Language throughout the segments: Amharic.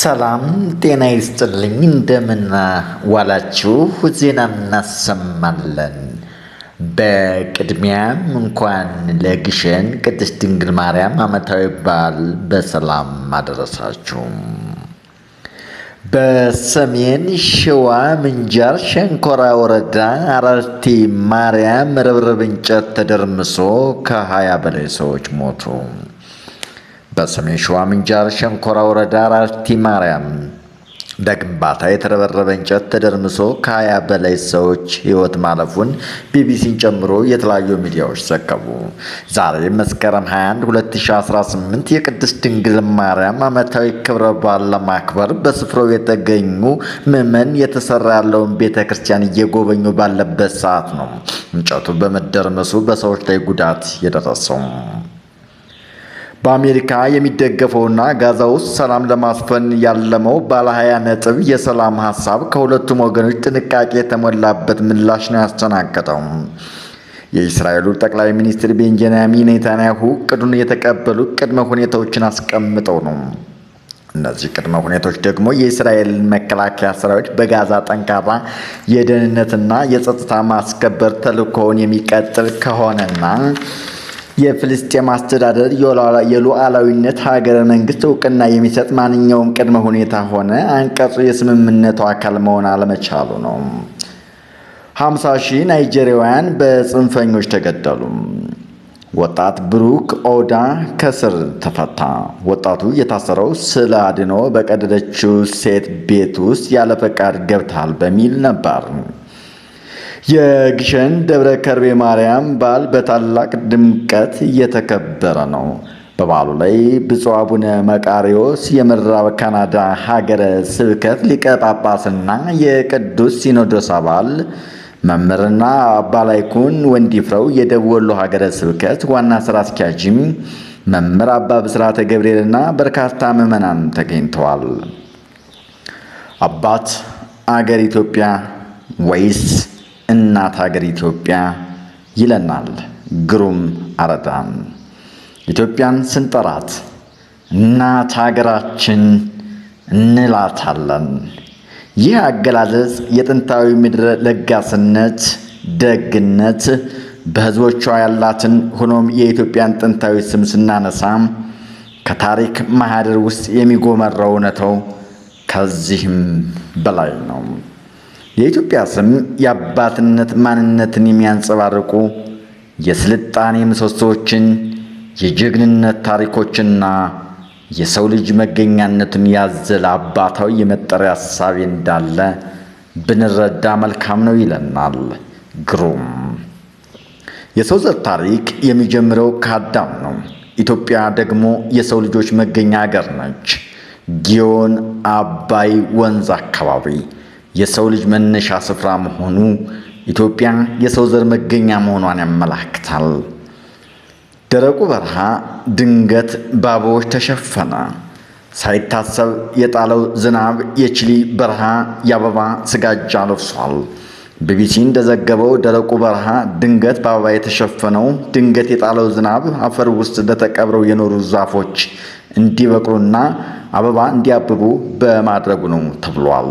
ሰላም ጤና ይስጥልኝ። እንደምን ዋላችሁ? ዜና እናሰማለን። በቅድሚያም እንኳን ለግሸን ቅድስት ድንግል ማርያም ዓመታዊ በዓል በሰላም አደረሳችሁ። በሰሜን ሸዋ ምንጃር ሸንኮራ ወረዳ አራርቲ ማርያም ርብርብ እንጨት ተደርምሶ ከ20 በላይ ሰዎች ሞቱ። በሰሜን ሸዋ ምንጃር ሸንኮራ ወረዳ አራርቲ ማርያም በግንባታ የተረበረበ እንጨት ተደርምሶ ከሀያ በላይ ሰዎች ሕይወት ማለፉን ቢቢሲን ጨምሮ የተለያዩ ሚዲያዎች ዘገቡ። ዛሬ መስከረም 21 2018 የቅድስት ድንግል ማርያም ዓመታዊ ክብረ በዓል ለማክበር በስፍራው የተገኙ ምዕመን የተሰራ ያለውን ቤተ ክርስቲያን እየጎበኙ ባለበት ሰዓት ነው እንጨቱ በመደርመሱ በሰዎች ላይ ጉዳት የደረሰው። በአሜሪካ የሚደገፈውና ጋዛ ውስጥ ሰላም ለማስፈን ያለመው ባለ 20 ነጥብ የሰላም ሀሳብ ከሁለቱም ወገኖች ጥንቃቄ የተሞላበት ምላሽ ነው ያስተናገጠው። የእስራኤሉ ጠቅላይ ሚኒስትር ቤንጃሚን ኔታንያሁ እቅዱን የተቀበሉ ቅድመ ሁኔታዎችን አስቀምጠው ነው። እነዚህ ቅድመ ሁኔታዎች ደግሞ የእስራኤል መከላከያ ሰራዊት በጋዛ ጠንካራ የደህንነትና የጸጥታ ማስከበር ተልእኮውን የሚቀጥል ከሆነና የፍልስጤም አስተዳደር የሉዓላዊነት ሀገረ መንግስት እውቅና የሚሰጥ ማንኛውም ቅድመ ሁኔታ ሆነ አንቀጹ የስምምነቱ አካል መሆን አለመቻሉ ነው። 50 ሺህ ናይጄሪያውያን በጽንፈኞች ተገደሉ። ወጣት ብሩክ ኦዳ ከስር ተፈታ። ወጣቱ የታሰረው ስለ አድኖ በቀደደችው ሴት ቤት ውስጥ ያለ ፈቃድ ገብታል በሚል ነበር። የግሸን ደብረ ከርቤ ማርያም በዓል በታላቅ ድምቀት እየተከበረ ነው። በበዓሉ ላይ ብፁዕ አቡነ መቃሪዎስ የምዕራብ ካናዳ ሀገረ ስብከት ሊቀ ጳጳስና የቅዱስ ሲኖዶስ አባል መምህርና አባ ላይኩን ወንዲፍረው የደቡብ ወሎ ሀገረ ስብከት ዋና ስራ አስኪያጅም መምህር አባ ብስራተ ገብርኤልና በርካታ ምዕመናን ተገኝተዋል። አባት አገር ኢትዮጵያ ወይስ እናት ሀገር ኢትዮጵያ ይለናል ግሩም አረዳም። ኢትዮጵያን ስንጠራት እናት ሀገራችን እንላታለን። ይህ አገላለጽ የጥንታዊ ምድር ለጋስነት፣ ደግነት በህዝቦቿ ያላትን ሆኖም የኢትዮጵያን ጥንታዊ ስም ስናነሳ ከታሪክ ማህደር ውስጥ የሚጎመረው እውነተው ከዚህም በላይ ነው። የኢትዮጵያ ስም የአባትነት ማንነትን የሚያንጸባርቁ የስልጣኔ ምሰሶዎችን፣ የጀግንነት ታሪኮችና የሰው ልጅ መገኛነትን ያዘለ አባታዊ የመጠሪያ ሐሳቤ እንዳለ ብንረዳ መልካም ነው ይለናል ግሩም። የሰው ዘር ታሪክ የሚጀምረው ከአዳም ነው። ኢትዮጵያ ደግሞ የሰው ልጆች መገኛ ሀገር ነች። ጊዮን አባይ ወንዝ አካባቢ የሰው ልጅ መነሻ ስፍራ መሆኑ ኢትዮጵያ የሰው ዘር መገኛ መሆኗን ያመላክታል። ደረቁ በረሃ ድንገት በአበቦች ተሸፈነ። ሳይታሰብ የጣለው ዝናብ የቺሊ በረሃ የአበባ ስጋጃ ለብሷል። ቢቢሲ እንደዘገበው ደረቁ በረሃ ድንገት በአበባ የተሸፈነው ድንገት የጣለው ዝናብ አፈር ውስጥ ለተቀብረው የኖሩ ዛፎች እንዲበቅሉና አበባ እንዲያብቡ በማድረጉ ነው ተብሏል።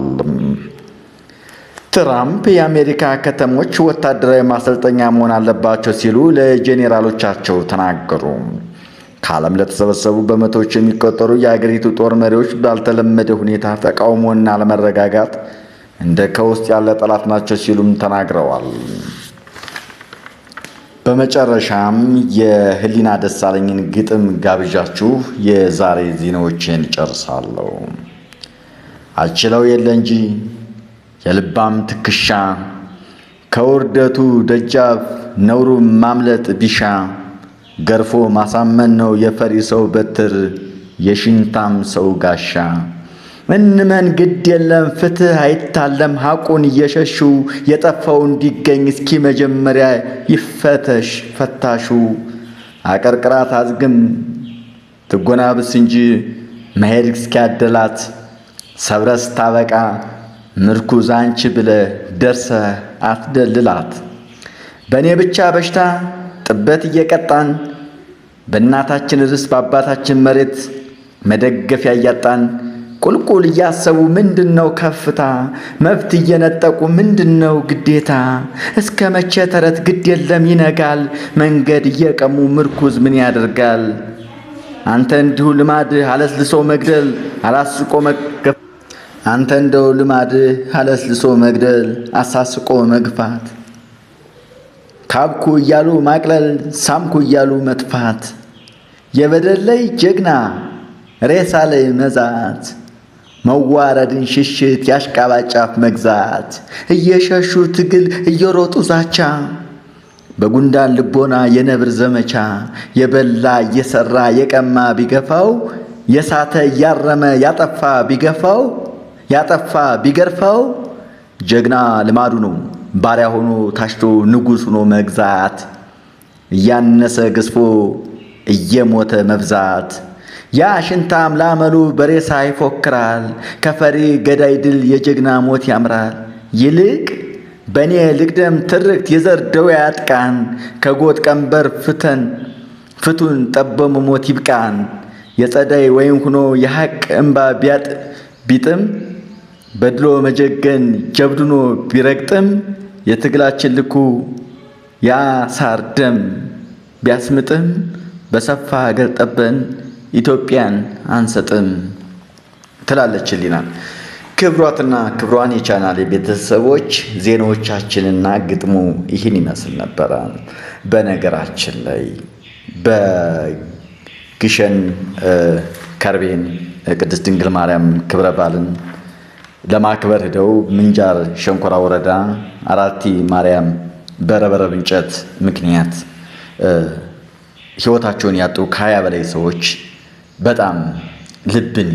ትራምፕ የአሜሪካ ከተሞች ወታደራዊ ማሰልጠኛ መሆን አለባቸው ሲሉ ለጄኔራሎቻቸው ተናገሩ። ከዓለም ለተሰበሰቡ በመቶዎች የሚቆጠሩ የአገሪቱ ጦር መሪዎች ባልተለመደ ሁኔታ ተቃውሞና አለመረጋጋት እንደ ከውስጥ ያለ ጠላት ናቸው ሲሉም ተናግረዋል። በመጨረሻም የህሊና ደሳለኝን ግጥም ጋብዣችሁ የዛሬ ዜናዎችን ጨርሳለሁ። አችለው የለ እንጂ የልባም ትከሻ ከውርደቱ ደጃፍ ነውሩም ማምለጥ ቢሻ ገርፎ ማሳመን ነው የፈሪ ሰው በትር የሽንታም ሰው ጋሻ። እንመን ግድ የለም ፍትህ አይታለም ሐቁን እየሸሹ የጠፋው እንዲገኝ እስኪ መጀመሪያ ይፈተሽ ፈታሹ። አቀርቅራት አዝግም ትጎናብስ እንጂ መሄድ እስኪያደላት ሰብረስ ታበቃ ምርኩዝ አንቺ ብለ ደርሰ አትደልላት። በእኔ ብቻ በሽታ ጥበት እየቀጣን በእናታችን ርስ በአባታችን መሬት መደገፊያ እያጣን ቁልቁል እያሰቡ ምንድን ነው ከፍታ መብት እየነጠቁ ምንድን ነው ግዴታ እስከ መቼ ተረት ግድ የለም ይነጋል መንገድ እየቀሙ ምርኩዝ ምን ያደርጋል አንተ እንዲሁ ልማድህ አለስልሶ መግደል አላስቆ መገፍ አንተ እንደው ልማድህ አለስልሶ መግደል፣ አሳስቆ መግፋት፣ ካብኩ እያሉ ማቅለል፣ ሳምኩ እያሉ መጥፋት፣ የበደል ላይ ጀግና ሬሳ ላይ መዛት፣ መዋረድን ሽሽት ያሽቃባጫፍ መግዛት፣ እየሸሹ ትግል እየሮጡ ዛቻ፣ በጉንዳን ልቦና የነብር ዘመቻ፣ የበላ እየሰራ የቀማ ቢገፋው፣ የሳተ እያረመ ያጠፋ ቢገፋው ያጠፋ ቢገርፈው ጀግና ልማዱ ነው። ባሪያ ሆኖ ታሽቶ ንጉሥ ሆኖ መግዛት፣ እያነሰ ግስፎ እየሞተ መብዛት። ያ ሽንታም ላመሉ በሬሳ ይፎክራል፣ ከፈሪ ገዳይ ድል የጀግና ሞት ያምራል። ይልቅ በእኔ ልቅደም ትርክት የዘር ደዌ ያጥቃን፣ ከጎጥ ቀንበር ፍተን ፍቱን ጠበሙ ሞት ይብቃን። የጸዳይ ወይም ሆኖ የሐቅ እምባ ቢያጥ ቢጥም በድሎ መጀገን ጀብድኖ ቢረግጥም የትግላችን ልኩ ያ ሳር ደም ቢያስምጥም በሰፋ ሀገር ጠበን ኢትዮጵያን አንሰጥም ትላለች ሊና። ክብሯትና ክብሯን የቻናል ቤተሰቦች ዜናዎቻችንና ግጥሙ ይህን ይመስል ነበረ። በነገራችን ላይ በግሸን ከርቤን ቅድስት ድንግል ማርያም ክብረ በዓልን ለማክበር ሄደው ምንጃር ሸንኮራ ወረዳ አራቲ ማርያም በረበረብ እንጨት ምክንያት ህይወታቸውን ያጡ ከሀያ በላይ ሰዎች በጣም ልብን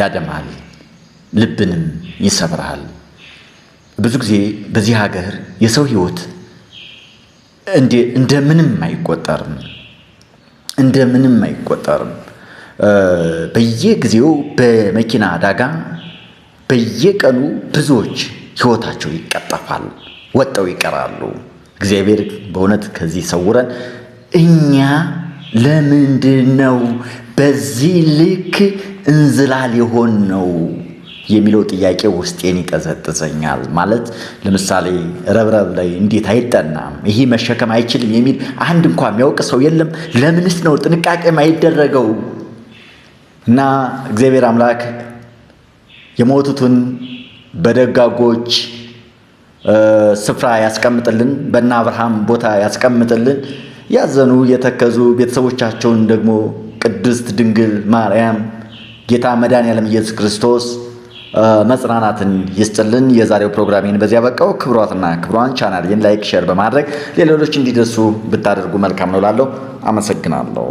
ያደማል፣ ልብንም ይሰብርሃል። ብዙ ጊዜ በዚህ ሀገር የሰው ህይወት እንደ ምንም አይቆጠርም፣ እንደ ምንም አይቆጠርም። በየጊዜው በመኪና አደጋ በየቀኑ ብዙዎች ህይወታቸው ይቀጠፋል፣ ወጠው ይቀራሉ። እግዚአብሔር በእውነት ከዚህ ሰውረን። እኛ ለምንድን ነው በዚህ ልክ እንዝላል የሆን ነው የሚለው ጥያቄ ውስጤን ይቀዘጥዘኛል። ማለት ለምሳሌ ረብረብ ላይ እንዴት አይጠናም? ይህ መሸከም አይችልም የሚል አንድ እንኳ የሚያውቅ ሰው የለም። ለምንስ ነው ጥንቃቄም አይደረገው? እና እግዚአብሔር አምላክ የሞቱትን በደጋጎች ስፍራ ያስቀምጥልን፣ በእነ አብርሃም ቦታ ያስቀምጥልን። ያዘኑ የተከዙ ቤተሰቦቻቸውን ደግሞ ቅድስት ድንግል ማርያም ጌታ መድኃኔዓለም ኢየሱስ ክርስቶስ መጽናናትን ይስጥልን። የዛሬው ፕሮግራሜን በዚያ በቃው። ክብሯትና ክብሯን ቻናልን ላይክ፣ ሼር በማድረግ ለሌሎች እንዲደርሱ ብታደርጉ መልካም ነው እላለሁ። አመሰግናለሁ።